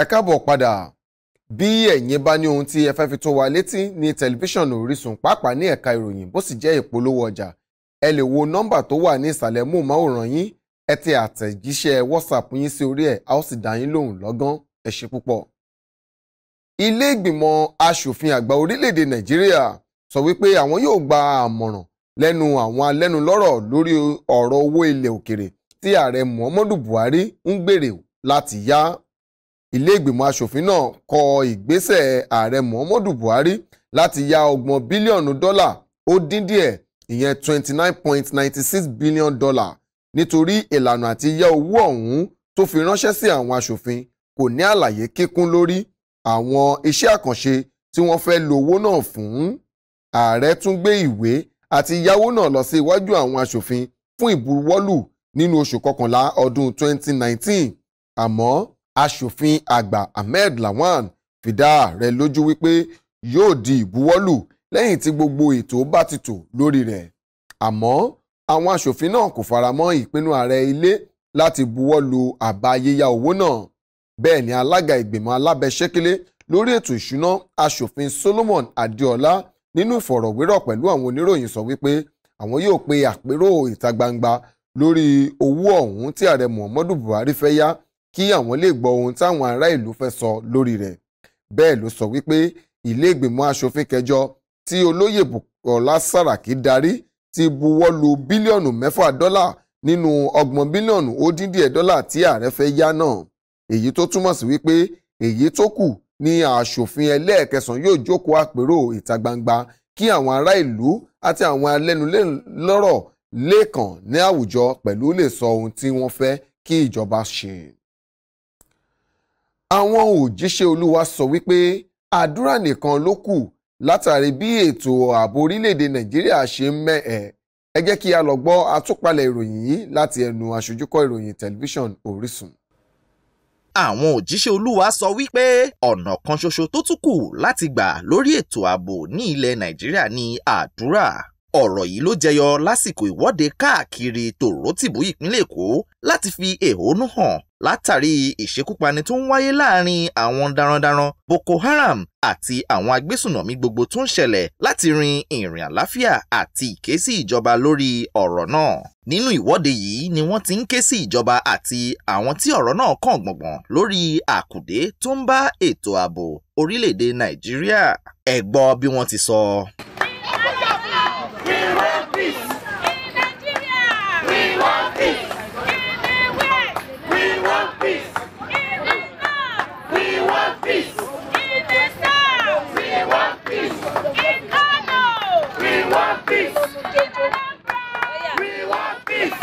ẹ káàbọ̀ padà bí ẹ̀yin bá ní ohun tí ẹ fẹ́ fi tó wa létí ní tẹlifíṣàn Orísun pàápàá ní ẹ̀ka ìròyìn bó sì jẹ́ ìpolówó ọjà ẹ lè wo nọ́mbà tó wà ní ìsàlẹ̀ móhùnmáwòrán yín ẹ tẹ àtẹ̀jíṣẹ́ WhatsApp yín sí orí ẹ̀ a ó sì dá yín lóhùn lọ́gán ẹ ṣe púpọ̀. ilé ìgbìmọ̀ asòfin àgbà orílẹ̀-èdè Nàìjíríà sọ wípé àwọn yóò gba àmọ̀ràn lẹ́nu àwọn alẹ́nulọ́rọ̀ lórí ọ̀rọ̀ owó ilẹ̀ òkèrè tí ààrẹ Muhammadu Buhari ń gbèrè láti yá ilé ìgbìmọ̀ asòfin náà kọ ìgbésẹ̀ ààrẹ muhammadu buhari láti ya ọgbọ̀n bílíọ̀nù dọ́là ó dín díẹ̀ ìyẹn twenty nine point ninety six billion dollar nítorí ìlànà àti yá owó ọ̀hún tó fi ránṣẹ́ sí àwọn asòfin kò ní àlàyé kíkún lórí àwọn iṣẹ́ àkànṣe tí wọ́n fẹ́ lo owó náà fún. ààrẹ tún gbé ìwé àti yáwó náà lọ sí iwájú àwọn asòfin fún ìbuwọ́lù nínú oṣù kọkànlá ọdún 2019 àmọ́ aṣòfin àgbà Ahmed Lawan fi dá ààrẹ lójú wípé yóò di ìbuwọ́lù lẹ́yìn tí gbogbo ètò bá ti tò lórí rẹ̀ àmọ́ àwọn aṣòfin náà kò faramọ́ ìpinnu ààrẹ ilé láti buwọ́lu àbá yíyá owó náà bẹ́ẹ̀ ni alága ìgbìmọ̀ alábẹ́sẹ́kélé lórí ètò ìṣúná aṣòfin Solomon Adéọlá nínú ìfọ̀rọ̀wérọ̀ pẹ̀lú àwọn oníròyìn sọ wípé àwọn yóò pe àpérò ìta gbangba lórí owó ọ̀hún tí ààrẹ Muhammadu Buhari fẹ́ yá kí àwọn lè gbọ́ ohun táwọn ará ìlú fẹ́ sọ lórí rẹ̀ bẹ́ẹ̀ ló sọ wípé ilé ìgbìmọ̀ asòfin kẹjọ tí olóyè Bùkọ́lá Sàràkí darí ti buwọ́ lu bílíọ̀nù mẹ́fà dọ́là nínú ọgbọ̀n bílíọ̀nù ó dín díẹ̀ dọ́là tí ààrẹ fẹ́ yá náà èyí tó túmọ̀ sí wípé èyí tó kù ni asòfin ẹlẹ́ẹ̀kẹsàn yóò jókòó àpérò ìta gbangba kí àwọn ará ìlú àti àwọn alẹ́nulọ́rọ̀ lẹ́ẹ̀kan ní àwùjọ pẹ̀lú lè sọ ohun tí wọ́n fẹ́ kí ìjọba ṣe àwọn òjíṣẹ́ olúwa sọ wípé àdúrà nìkan ló kù látàrí bí ètò ààbò orílẹ̀-èdè nàìjíríà ṣe ń mẹ́ẹ̀ ẹ jẹ́ kí a lọ gbọ́ àtúpalẹ̀ ìròyìn yìí láti ẹnu àṣojúkọ ìròyìn tẹlifíṣàn Orísun àwọn òjíṣẹ́ olúwa sọ wípé ọ̀nà kan ṣoṣo tó tún kù láti gbà lórí ètò ààbò ní ilẹ̀ nàìjíríà ni àdúrà ọ̀rọ̀ yìí ló jẹyọ lásìkò ìwọ́de káàkiri tòrótìbú ìpínlẹ̀ èkó láti fi èhónú hàn látàrí ìṣekúpani tó ń wáyé láàrin àwọn darandaran boko haram àti àwọn agbésùnàmí gbogbo tó ń ṣẹlẹ̀ láti rin ìrìn àláfíà àti ìké sí ìjọba lórí ọ̀rọ̀ náà. nínú ìwọ́de yìí ni wọ́n ti ń ké sí ìjọba àti àwọn tí ọ̀rọ̀ náà kàn gbọ̀ngbọ̀n lórí àkùdé tó ń bá ètò ààbò orílẹ̀-èdè nàìjíríà. ẹ bí wọ́n ti sọ. want peace. We want peace.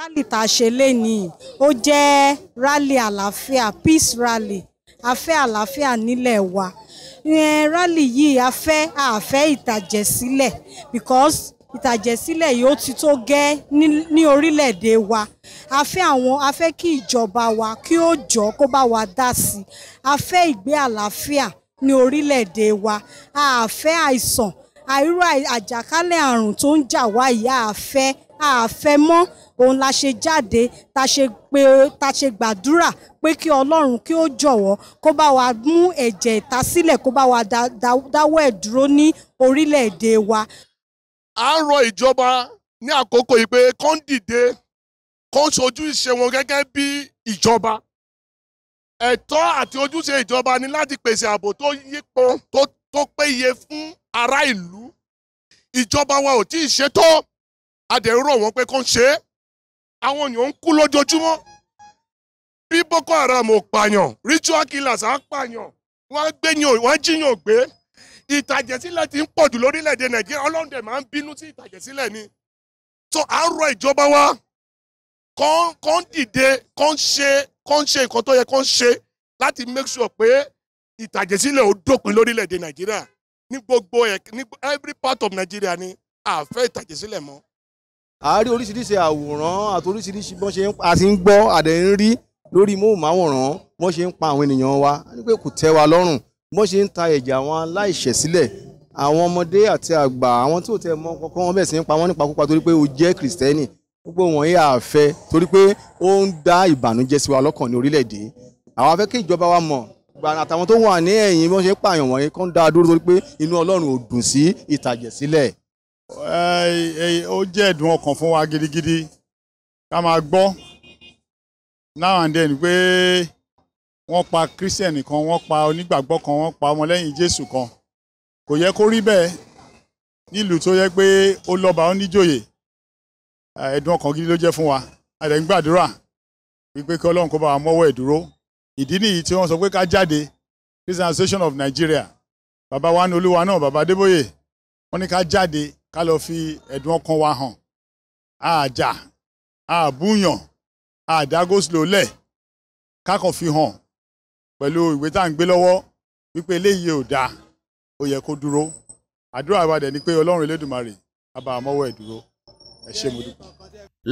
rally tá a ṣe lénìí ó jẹ́ rally àlàáfíà peace rally a fẹ́ àlàáfíà nílẹ̀ wa rally yìí a fẹ́ a ìtàjẹ̀sílẹ̀ because ìtàjẹ̀sílẹ̀ yìí ó ti tó gẹ́ ní orílẹ̀-èdè wa a fẹ́ àwọn a fẹ́ kí ìjọba wa kí ó jọ kó bá wa dá sí i a ìgbé àlàáfíà ní orílẹ̀-èdè wa a àìsàn àìrú àjàkálẹ̀ àrùn tó ń jà wá yìí àfẹ́ àfẹ́ mọ́ òun la ṣe jáde ta ṣe pé ta ṣe gbàdúrà pé kí ọlọ́run kí ó jọ̀wọ́ kó bá wa mú ẹ̀jẹ̀ ìtasílẹ̀ kó bá wa dáwọ́ ẹ̀ dúró ní orílẹ̀-èdè wa. à ń rọ ìjọba ní àkókò yìí pé kán dìde kán ṣojú ìṣe wọn gẹ́gẹ́ bí ìjọba ẹ̀tọ́ àti ojúṣe ìjọba ni láti pèsè ààbò tó yípo tó péye fún ará ìlú ìjọba wa ò tí ì ṣètò adẹ̀rọ̀ wọn pé kò ń ṣe é àwọn èèyàn ń kú lójoojúmọ́ bí Boko Haram ò pààyàn ritual killers á pààyàn wọ́n á gbẹ̀yìn wọ́n á jíyàn gbé ìtàjẹ̀sílẹ̀ ti ń pọ̀ jù lórílẹ̀ Nàìjíríà Ọlọ́run dẹ̀ máa ń bínú sí ìtàjẹ̀sílẹ̀ ni so à ń rọ ìjọba wa kàn ń dìde kàn ń ṣe kàn ń ṣe nǹkan tó yẹ kàn ń ṣe láti make sure pé ìtàjẹ̀sílẹ̀ ò dópin lórílẹ̀ Nàìjíríà ní gbogbo ẹ̀ ní every part of Nigeria ni àfẹ́ ìtàjẹ̀ sílẹ̀ mọ́. a rí oríṣiríṣi àwòrán àti oríṣiríṣi bọ́n ṣe ń pa àti ń gbọ́ àdẹ̀ ń rí lórí móhùnmáwòrán bọ́n ṣe ń pa àwọn ènìyàn wa ní pé kò tẹ́ wa lọ́rùn bọ́n ṣe ń ta ẹ̀jẹ̀ àwọn aláìṣẹ̀ sílẹ̀ àwọn ọmọdé àti àgbà àwọn tí ò tẹ mọ kọkọ wọn bẹ̀ sí ń pa wọ́n nípakúpa torí pé o jẹ́ kìrìsìtẹ́nì gbogbo wọ̀nyí àfẹ́ torí pé ó ń dá ìbànújẹ́ sí wa lọ́kàn ní orílẹ̀-èdè àwọn afẹ́ kí ìjọba wa mọ̀ gbàrà àtàwọn tó wà ní ẹ̀yìn bí wọ́n ṣe ń pààyàn wọ̀nyí kán dá dúró torí pé inú ọlọ́run ò dùn sí ìtàjẹ̀ sílẹ̀. ó jẹ́ ẹ̀dùn ọkàn fún wa gidigidi ká máa gbọ́ now and then pé wọ́n pa christian kan wọ́n pa onígbàgbọ́ kan wọ́n pa ọmọlẹ́yìn jésù kan kò yẹ kó rí bẹ́ẹ̀ nílùú tó yẹ pé ó lọ́ba ó níjòyè ẹ̀dùn ọkàn gidi ló jẹ́ fún wa a dẹ̀ wípé kí ọlọ́run kó bá wa mọ́wọ́ ẹ̀ dúró ìdí nìyí tí wọ́n sọ pé ká jáde Christian Association of Nigeria bàbá wa ní olúwa náà bàbá Adébóyè wọ́n ní ká jáde ká lọ fi ẹ̀dùn ọkàn wa hàn àjà àbúyàn àdágósìlò lẹ̀ kákan fi hàn pẹ̀lú ìwé tá à ń gbé lọ́wọ́ wípé eléyìí ò dáa ó yẹ kó dúró àdúrà wa dẹ̀ ni pé Ọlọ́run Elédùmarè á bá dúró ẹ ṣé mo dúpẹ́.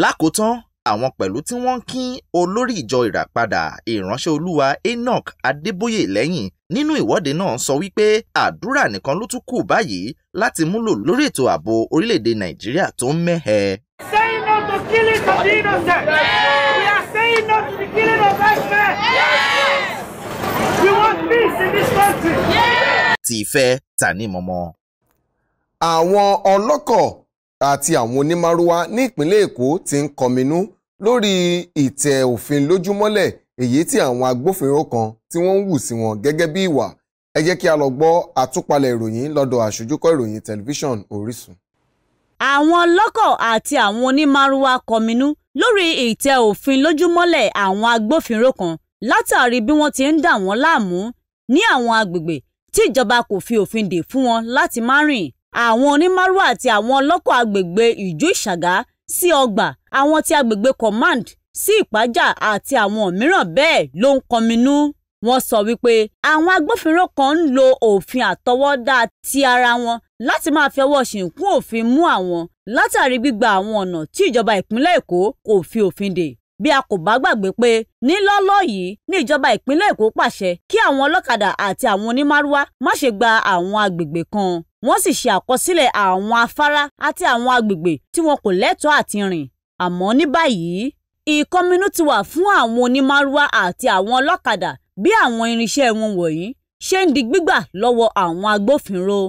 lákòótán àwọn pẹ̀lú tí wọ́n ń olórí ìjọ ìràpadà ìránṣẹ́ olúwa Enoch Adébóyè lẹ́yìn nínú ìwọ́de náà sọ wípé àdúrà nìkan ló tún kù báyìí láti múlò lórí ètò ààbò orílẹ̀-èdè Nàìjíríà tó ń mẹ́hẹ. Saying no to killing of the innocent. We are saying no to the killing of herdsmen. We want peace in this country. Ti ìfẹ́ tani mọ́mọ́. Àwọn ọlọ́kọ̀ àti àwọn onímàrúwá ní ìpínlẹ̀ Èkó ti ń kọminú lórí ìtẹ̀ òfin lójúmọ́lẹ̀ èyí tí àwọn agbófinró kan tí wọ́n ń wù sí wọn gẹ́gẹ́ bí ìwà ẹ jẹ́ kí a lọ gbọ́ àtúpalẹ̀ ìròyìn lọ́dọ̀ àṣojúkọ̀ ìròyìn tẹlifíṣàn Orísun. àwọn lọ́kọ̀ àti àwọn onímàrúwá kọminú lórí ìtẹ̀ òfin lójúmọ́lẹ̀ àwọn agbófinró kan látàrí bí wọ́n ti ń dà wọ́n láàmú ní àwọn agbègbè tí ìjọba kò fi òfin dè fún wọn láti má rìn àwọn onímàrúwá àti àwọn ọlọ́kọ̀ agbègbè ìjú ìṣàgá sí ọgbà àwọn ti agbègbè command sí ìpájà àti àwọn mìíràn bẹ́ẹ̀ ló ń kọminú wọ́n sọ wípé àwọn agbófinró kan ń lo òfin àtọwọ́dá ti ara wọn láti máa fi ọwọ́ ṣìnkún òfin mú àwọn látàrí gbígba àwọn ọ̀nà tí ìjọba ìpínlẹ̀ Èkó kò fi òfin dè bí a kò bá gbàgbé pé nílọ́lọ́ yìí ní ìjọba ìpínlẹ̀ Èkó pàṣẹ kí àwọn ọlọ́kadà àti àwọn onímárúwá má ṣe gba àwọn agbègbè kan wọ́n sì ṣe àkọsílẹ̀ àwọn afárá àti àwọn agbègbè tí wọn kò lẹ́tọ̀ọ́ àti rìn àmọ́ ní báyìí ìkọminú ti wà fún àwọn onímárúwá àti àwọn ọlọ́kadà bí àwọn irinṣẹ́ wọn wọ̀nyí ṣe ń di gbígbà lọ́wọ́ àwọn agbófinró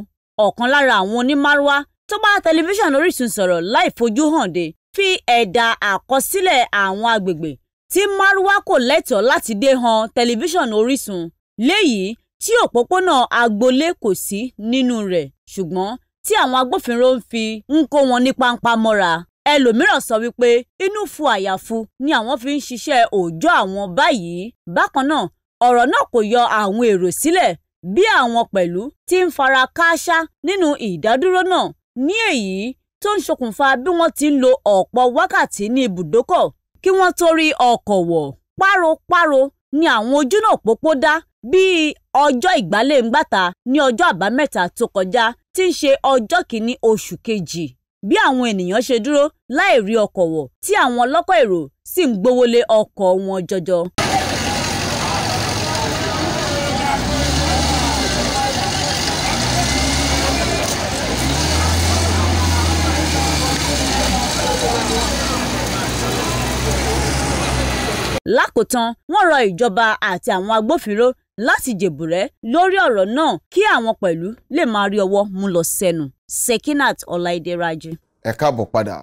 ọ̀kan lára àwọn onímárúwá tó bá tẹlifíṣàn Orísun sọ̀rọ̀ láì fojú hàn de fi ẹ̀dà àkọsílẹ̀ àwọn agbègbè tí márúwá kò lẹ́tọ̀ọ́ láti dé han tẹlifíṣàn Orísun léyìí tí òpópónà agboolé kò sí nínú rẹ̀ ṣùgbọ́n tí àwọn agbófinró ń fi ń kó wọn ní páńpá mọ́ra ẹlòmíràn sọ wípé inú fu àyàfu ni àwọn fi ń ṣiṣẹ́ òòjọ́ àwọn báyìí bákan náà ọ̀rọ̀ náà kò yọ àwọn èrò sílẹ̀ bí àwọn pẹ̀lú ti ń fara kááṣá nínú ìdádúró náà ní èyí tó ń ṣokùnfà bí wọ́n ti ń lo ọ̀pọ̀ wákàtí ní ibùdókọ̀ kí wọ́n tó rí ọkọ̀ wọ̀ páropáro ni àwọn ojúnà pópó dá bíi ọjọ́ ìgbálẹ̀-ńgbàta ní ọjọ́ àbámẹ́ta tó kọjá tí ń ṣe ọjọ́ kìíní oṣù kejì bí àwọn ènìyàn ṣe dúró láì rí ọkọ̀ wọ̀ tí àwọn ọlọ́kọ̀ èrò sì ń gbówó lé ọkọ̀ wọn jọjọ. lákòótán wọ́n rọ ìjọba àti àwọn agbófinró láti jèbùrẹ́ lórí ọ̀rọ̀ náà kí àwọn pẹ̀lú lè máa rí ọwọ́ mú lọ sẹ́nu Sekinat Ọláìdé Rájí. ẹ káàbọ̀ padà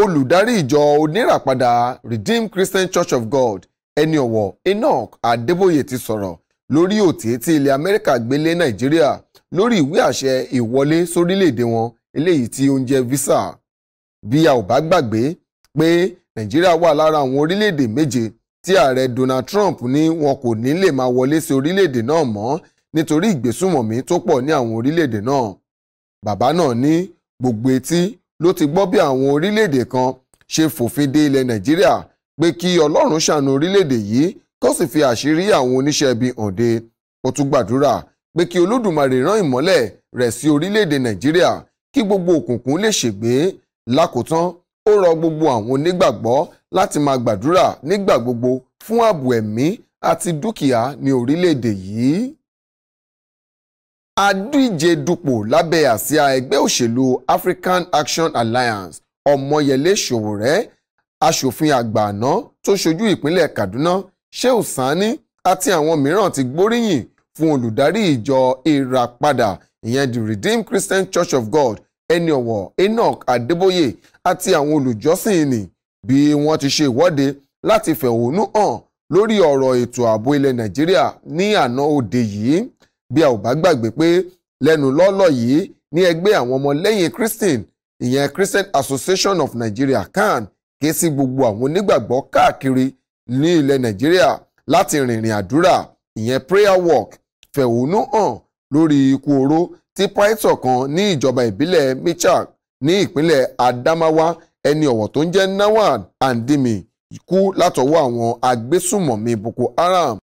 olùdarí ìjọ oníràpadà Redeemed Christian Church of God ẹni ọ̀wọ̀ Enoch Adébóyè ti sọ̀rọ̀ lórí òtí tí ilẹ̀ Amẹ́ríkà gbélé Nàìjíríà lórí ìwé àṣẹ ìwọlé sórílẹ̀-èdè wọn eléyìí tí ó visa bí a ò bá gbàgbé pé nàìjíríà wà lára àwọn orílẹ̀-èdè méje tí ààrẹ Donald Trump ní wọn kò ní lè máa wọlé sí orílẹ̀-èdè náà mọ́ nítorí ìgbésùnmọ̀mí tó pọ̀ ní àwọn orílẹ̀-èdè náà. bàbá náà ní gbogbo etí ló ti gbọ́ bí àwọn orílẹ̀-èdè kan ṣe fòfin de ilẹ̀ nàìjíríà pé kí ọlọ́run ṣàánú orílẹ̀-èdè yìí kó sì fi àṣírí àwọn oníṣẹ́ ibi hànde ó tún gbàdúrà pé kí olódùmarè rán ìmọ́lẹ̀ rẹ̀ sí orílẹ̀-èdè nàìjíríà kí gbogbo òkùnkùn lè ṣègbé lákòótán ó rọ gbogbo àwọn onígbàgbọ́ láti máa gbàdúrà nígbà gbogbo fún ààbò ẹ̀mí àti dúkìá ní orílẹ̀-èdè yìí. Adíje dupò lábẹ́ àsíá ẹgbẹ́ òṣèlú African Action Alliance Ọmọyẹlé Ṣòwòrẹ aṣòfin àgbà àná tó ṣojú ìpínlẹ̀ Kaduna Shehu Sani àti àwọn mìíràn ti gbóríyìn fún olùdarí ìjọ ìràpadà ìyẹn the Redeemed Christian Church of God ẹni ọ̀wọ̀ Enoch adeboye àti àwọn olùjọ́sìn nì bí wọ́n ti ṣe ìwọ́de láti fẹ̀hónú hàn lórí ọ̀rọ̀ ètò ààbò ilẹ̀ Nàìjíríà ní àná òde yìí bí a ò bá gbàgbé pé lẹ́nu lọ́lọ́ yìí ní ẹgbẹ́ àwọn ọmọlẹ́yìn Christian ìyẹn Christian Association of Nigeria CAN ké sí gbogbo àwọn onígbàgbọ́ káàkiri ní ilẹ̀ Nàìjíríà láti rìnrìn àdúrà ìyẹn prayer walk fẹ̀hónú hàn lórí ikú oró tí pító kan ní ìjọba ìbílẹ̀ Michak ní ìpínlẹ̀ Adamawa ẹni ọ̀wọ̀ tó ń jẹ́ Nawal Andimi kú látọwọ́ àwọn agbésùmọ̀mí Boko Haram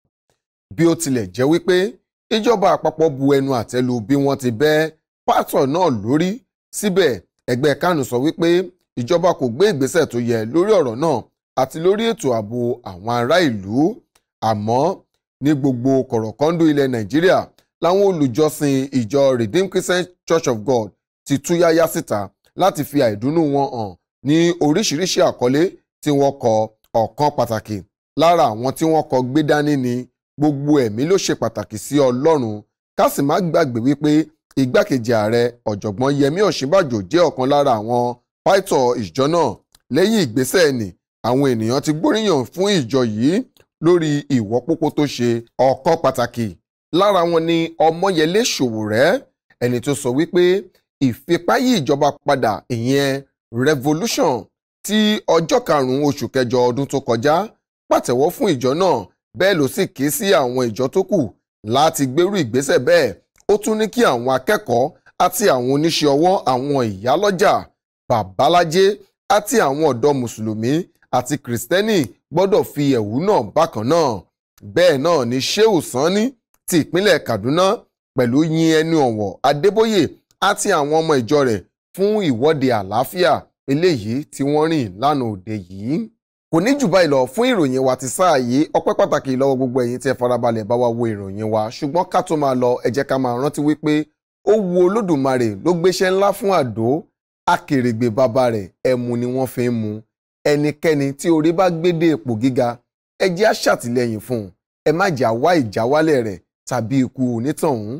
bí ó tilẹ̀ jẹ́ wípé ìjọba àpapọ̀ bu ẹnu àtẹ́ lu bí wọ́n ti bẹ́ pásọ̀ náà lórí síbẹ̀ ẹgbẹ́ kánù sọ wípé ìjọba kò gbé ìgbésẹ̀ tó yẹ lórí ọ̀rọ̀ náà àti lórí ètò ààbò àwọn ará ìlú àmọ́ ní gbogbo kọ̀rọ̀kọ́ndù ilẹ̀ Nàìjíríà láwọn olùjọsìn ìjọ Redeemed Christian Church of God ti túyáyá síta láti fi àìdùnnú wọn hàn ní oríṣiríṣi àkọlé tí wọ́n kọ ọ̀kan pàtàkì lára àwọn tí wọ́n kọ gbé dání ni gbogbo ẹ̀mí ló ṣe pàtàkì sí Ọlọ́run ká sì má gbàgbé wípé igbákejì ààrẹ ọ̀jọ̀gbọ́n Yẹmí Ọ̀ṣínbàjò jẹ́ ọ̀kan lára àwọn pító ìjọ náà lẹ́yìn ìgbésẹ̀ ẹ̀nì àwọn ènìyàn ti gbóríyàn fún ìjọ yìí lórí ìwọ́pópó tó ṣe ọ̀kan pàtàkì lára wọn ni Ọmọyẹlé Ṣòwòrẹ́ ẹni tó sọ wípé ìfipáyí ìjọba padà ìyẹn revolution ti ọjọ́ karùn-ún oṣù kẹjọ ọdún tó kọjá pàtẹ́wọ́ fún ìjọ náà bẹ́ẹ̀ ló sì ké sí àwọn ìjọ tó kù láti gbérú ìgbésẹ̀ bẹ́ẹ̀ ó tún ní kí àwọn akẹ́kọ̀ọ́ àti àwọn oníṣẹ́ ọwọ́ àwọn ìyálọ́jà babalájé àti àwọn ọ̀dọ́ mùsùlùmí àti kìrìsìtẹ́nì gbọ́dọ̀ fi ẹ̀hónú náà bákan náà bẹ́ẹ̀ náà ni Shehu Sani ti ìpínlẹ̀ Kaduna pẹ̀lú yin ẹni ọ̀wọ̀ Adébóyè àti àwọn ọmọ ìjọ rẹ̀ fún ìwọ́de àlàáfíà eléyìí tí wọ́n rìn lánàá òde yìí. kò ní jù báyìí lọ fún ìròyìn wa ti sáà yìí ọpẹ́ pàtàkì lọ́wọ́ gbogbo ẹ̀yin tí ẹ farabalẹ̀ bá wa wo ìròyìn wa ṣùgbọ́n ká tó máa lọ ẹ jẹ́ ká máa rántí wípé ó wu olódùmarè ló gbéṣẹ́ ńlá fún àdó akèrègbè bàbá rẹ̀ ẹmu ni wọ́n fi ń mu ẹnikẹ́ni tí orí bá gbé ipò gíga ẹ jẹ́ fún ẹ má jà wá ìjáwálẹ̀ rẹ̀ tàbí ikú onítọ̀hún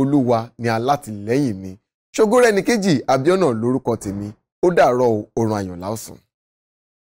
olúwa ni alátìlẹ́yìn mi ṣògo rẹ̀ ní kejì abiona lórúkọ tèmi ó dàárọ̀ òrùn àyànlá ọ̀sán.